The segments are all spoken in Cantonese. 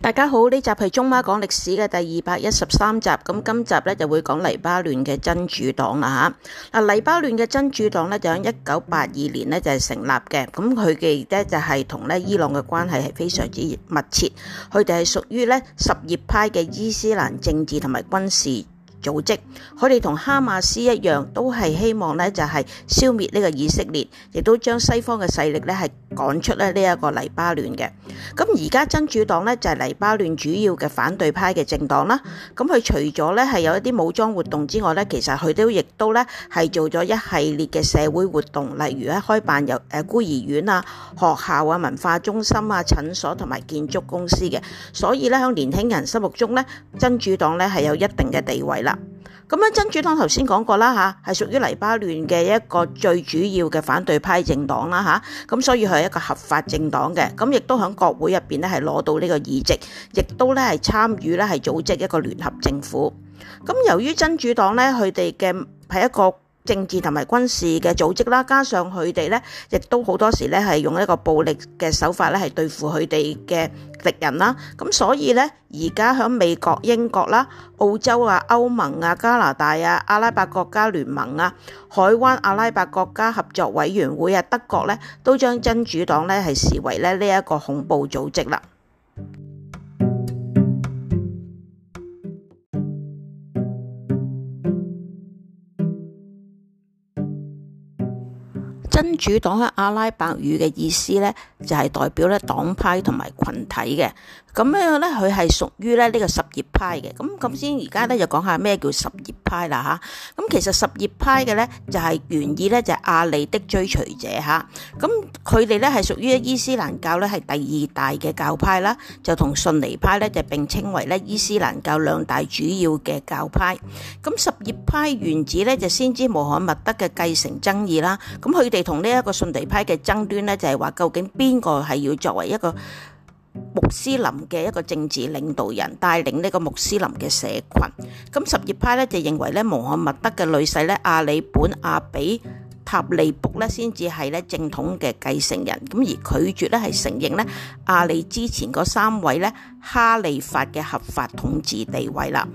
大家好，呢集係中馬講歷史嘅第二百一十三集，咁今集咧就會講黎巴嫩嘅真主黨啦吓。嗱，黎巴嫩嘅真主黨咧就喺一九八二年咧就係、是、成立嘅，咁佢嘅咧就係同咧伊朗嘅關係係非常之密切，佢哋係屬於咧什葉派嘅伊斯蘭政治同埋軍事。組織佢哋同哈馬斯一樣，都係希望咧就係消滅呢個以色列，亦都將西方嘅勢力咧係趕出咧呢一個黎巴嫩嘅。咁而家真主黨咧就係黎巴嫩主要嘅反對派嘅政黨啦。咁佢除咗咧係有一啲武裝活動之外咧，其實佢都亦都咧係做咗一系列嘅社會活動，例如咧開辦有誒孤兒院啊、學校啊、文化中心啊、診所同埋建築公司嘅。所以咧喺年輕人心目中咧，真主黨咧係有一定嘅地位啦。咁樣真主黨頭先講過啦吓，係屬於黎巴嫩嘅一個最主要嘅反對派政黨啦吓，咁所以佢係一個合法政黨嘅，咁亦都喺國會入邊咧係攞到呢個議席，亦都咧係參與咧係組織一個聯合政府。咁由於真主黨咧佢哋嘅係一個。政治同埋軍事嘅組織啦，加上佢哋咧，亦都好多時咧係用一個暴力嘅手法咧，係對付佢哋嘅敵人啦。咁所以咧，而家響美國、英國啦、澳洲啊、歐盟啊、加拿大啊、阿拉伯國家聯盟啊、海灣阿拉伯國家合作委員會啊、德國咧，都將真主黨咧係視為咧呢一個恐怖組織啦。真主黨喺阿拉伯語嘅意思咧，就係代表咧黨派同埋群體嘅。咁樣咧，佢係屬於咧呢個什葉派嘅。咁咁先，而家咧就講下咩叫什葉派啦吓，咁其實什葉派嘅咧就係原意咧就係阿里的追隨者吓，咁佢哋咧係屬於伊斯蘭教咧係第二大嘅教派啦，就同遜尼派咧就並稱為咧伊斯蘭教兩大主要嘅教派。咁什葉派原指咧就先知穆罕默德嘅繼承爭議啦。咁佢哋同呢一個遜尼派嘅爭端咧就係話究竟邊個係要作為一個穆斯林嘅一個政治領導人帶領呢個穆斯林嘅社群，咁什葉派咧就認為咧，穆罕默德嘅女婿咧，阿里本阿比塔利卜咧先至係咧正統嘅繼承人，咁而拒絕咧係承認咧阿里之前嗰三位咧哈里發嘅合法統治地位啦。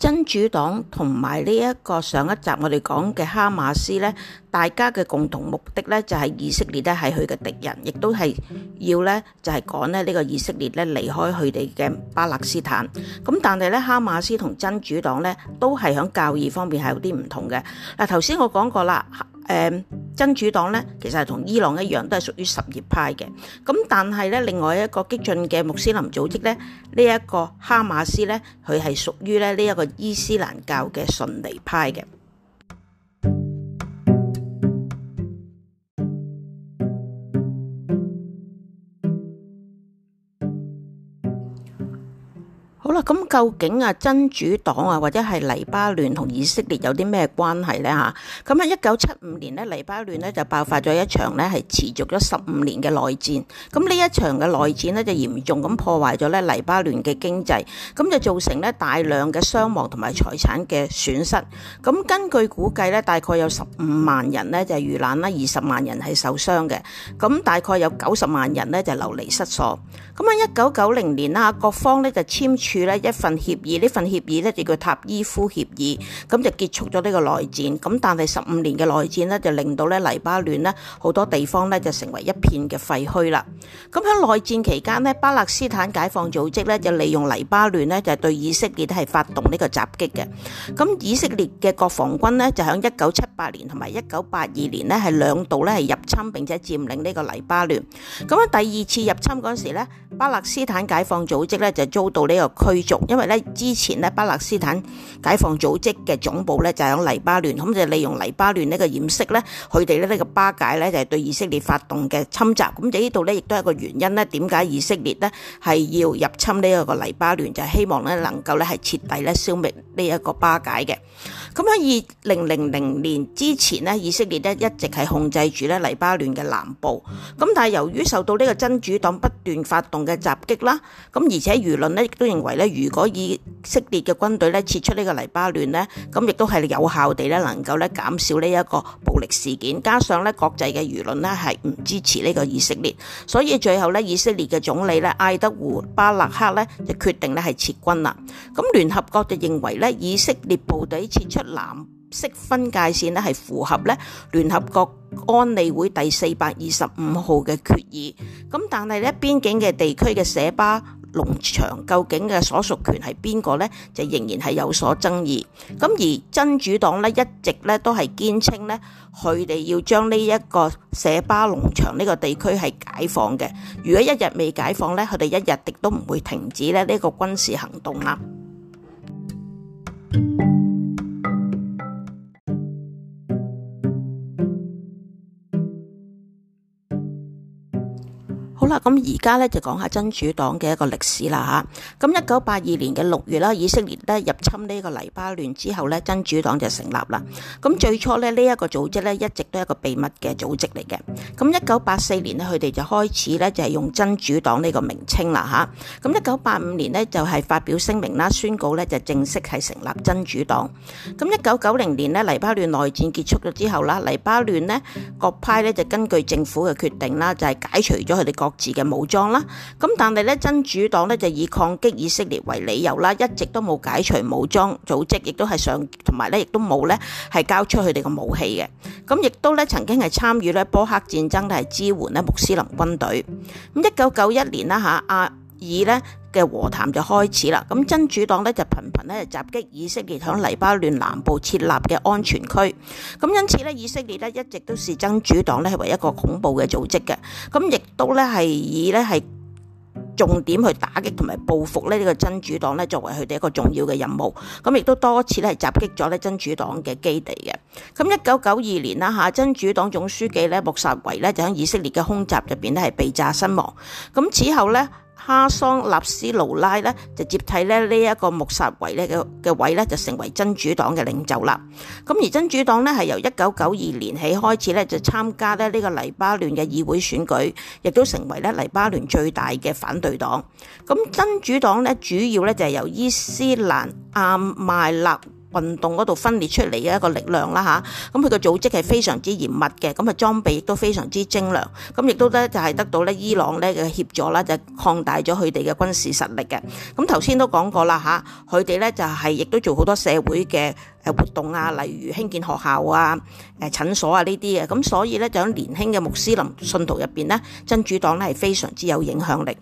真主黨同埋呢一個上一集我哋講嘅哈馬斯咧，大家嘅共同目的咧就係以色列咧係佢嘅敵人，亦都係要咧就係趕咧呢個以色列咧離開佢哋嘅巴勒斯坦。咁但係咧，哈馬斯同真主黨咧都係喺教義方面係有啲唔同嘅。嗱頭先我講過啦，誒、嗯。真主黨咧，其實係同伊朗一樣，都係屬於什葉派嘅。咁但係咧，另外一個激進嘅穆斯林組織咧，呢一個哈馬斯咧，佢係屬於咧呢一個伊斯蘭教嘅遜尼派嘅。好啦，咁究竟啊真主黨啊或者係黎巴嫩同以色列有啲咩關係呢？吓，咁啊，一九七五年呢，黎巴嫩呢就爆發咗一場呢係持續咗十五年嘅內戰。咁呢一場嘅內戰呢就嚴重咁破壞咗呢黎巴嫩嘅經濟，咁就造成呢大量嘅傷亡同埋財產嘅損失。咁根據估計呢，大概有十五萬人呢就遇難啦，二十萬人係受傷嘅，咁大概有九十萬人呢就流離失所。咁喺一九九零年啦，各方呢就簽署。一份協議，呢份協議呢就叫塔伊夫協議，咁就結束咗呢個內戰。咁但係十五年嘅內戰呢，就令到咧黎巴嫩呢好多地方呢就成為一片嘅廢墟啦。咁喺內戰期間呢，巴勒斯坦解放組織呢就利用黎巴嫩呢，就對以色列都係發動呢個襲擊嘅。咁以色列嘅國防軍呢，就喺一九七八年同埋一九八二年呢，係兩度呢係入侵並且佔領呢個黎巴嫩。咁喺第二次入侵嗰時呢，巴勒斯坦解放組織呢，就遭到呢個區繼續，因為咧之前咧巴勒斯坦解放組織嘅總部咧就喺黎巴嫩，咁就利用黎巴嫩呢個掩飾咧，佢哋咧呢個巴解咧就係對以色列發動嘅侵襲，咁就呢度咧亦都係一個原因咧，點解以色列咧係要入侵呢一個黎巴嫩，就係希望咧能夠咧係徹底咧消滅呢一個巴解嘅。咁喺二零零零年之前咧，以色列咧一直係控制住咧黎巴嫩嘅南部。咁但係由於受到呢個真主黨不斷發動嘅襲擊啦，咁而且輿論咧亦都認為咧，如果以色列嘅軍隊咧撤出呢個黎巴嫩咧，咁亦都係有效地咧能夠咧減少呢一個暴力事件。加上咧國際嘅輿論咧係唔支持呢個以色列，所以最後咧以色列嘅總理咧艾德胡巴勒克咧就決定咧係撤軍啦。咁聯合國就認為咧以色列部隊撤出。藍色分界線咧係符合咧聯合國安理會第四百二十五號嘅決議，咁但係呢邊境嘅地區嘅舍巴農場究竟嘅所屬權係邊個呢？就仍然係有所爭議。咁而真主黨呢，一直咧都係堅稱呢，佢哋要將呢一個舍巴農場呢個地區係解放嘅。如果一日未解放呢，佢哋一日亦都唔會停止咧呢個軍事行動啦。咁而家咧就講下真主黨嘅一個歷史啦吓。咁一九八二年嘅六月啦，以色列咧入侵呢個黎巴嫩之後咧，真主黨就成立啦。咁最初咧呢一個組織咧一直都係一個秘密嘅組織嚟嘅。咁一九八四年呢，佢哋就開始咧就係用真主黨呢個名稱啦吓。咁一九八五年呢，就係發表聲明啦，宣告咧就正式係成立真主黨。咁一九九零年呢，黎巴嫩內戰結束咗之後啦，黎巴嫩呢，各派咧就根據政府嘅決定啦，就係解除咗佢哋各嘅武裝啦，咁但係咧真主黨咧就以抗擊以色列為理由啦，一直都冇解除武裝組織，亦都係上同埋咧，亦都冇咧係交出佢哋嘅武器嘅，咁亦都咧曾經係參與咧波黑戰爭，係支援咧穆斯林軍隊。咁一九九一年啦嚇阿。啊以呢嘅和談就開始啦，咁真主黨呢就頻頻呢就襲擊以色列響黎巴嫩南部設立嘅安全區，咁因此呢，以色列呢一直都視真主黨呢係為一個恐怖嘅組織嘅，咁亦都呢係以呢係重點去打擊同埋報復呢呢個真主黨呢作為佢哋一個重要嘅任務，咁亦都多次呢係襲擊咗呢真主黨嘅基地嘅，咁一九九二年啦嚇，真主黨總書記呢穆薩維呢就喺以色列嘅空襲入邊呢係被炸身亡，咁此後呢。哈桑·納斯魯拉咧就接替咧呢一個穆薩維咧嘅嘅位咧就成為真主黨嘅領袖啦。咁而真主黨呢，係由一九九二年起開始咧就參加咧呢個黎巴嫩嘅議會選舉，亦都成為咧黎巴嫩最大嘅反對黨。咁真主黨咧主要咧就係由伊斯蘭阿麥勒，啊運動嗰度分裂出嚟嘅一個力量啦吓，咁佢個組織係非常之嚴密嘅，咁啊裝備亦都非常之精良，咁亦都咧就係得到咧伊朗咧嘅協助啦，就擴大咗佢哋嘅軍事實力嘅。咁頭先都講過啦吓，佢哋咧就係亦都做好多社會嘅誒活動啊，例如興建學校啊、誒診所啊呢啲嘅，咁所以咧就喺年輕嘅穆斯林信徒入邊咧，真主黨咧係非常之有影響力。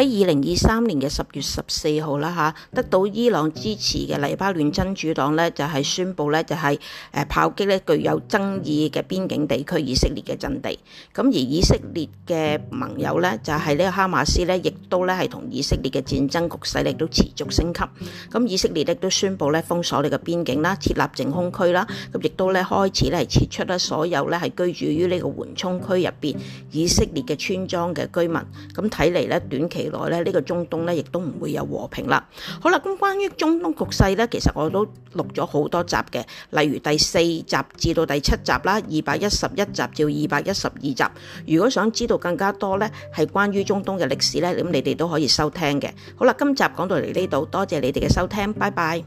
喺二零二三年嘅十月十四號啦嚇，得到伊朗支持嘅黎巴嫩真主黨呢，就係宣布呢，就係誒炮擊呢具有爭議嘅邊境地區以色列嘅陣地。咁而以色列嘅盟友呢，就係呢個哈馬斯呢，亦都呢係同以色列嘅戰爭局勢亦都持續升級。咁以色列亦都宣布呢封鎖呢個邊境啦，設立淨空區啦，咁亦都呢開始呢係撤出呢所有呢係居住於呢個緩衝區入邊以色列嘅村莊嘅居民。咁睇嚟呢短期來咧呢個中東咧，亦都唔會有和平啦。好啦，咁關於中東局勢咧，其實我都錄咗好多集嘅，例如第四集至到第七集啦，二百一十一集至二百一十二集。如果想知道更加多咧，係關於中東嘅歷史咧，咁你哋都可以收聽嘅。好啦，今集講到嚟呢度，多謝你哋嘅收聽，拜拜。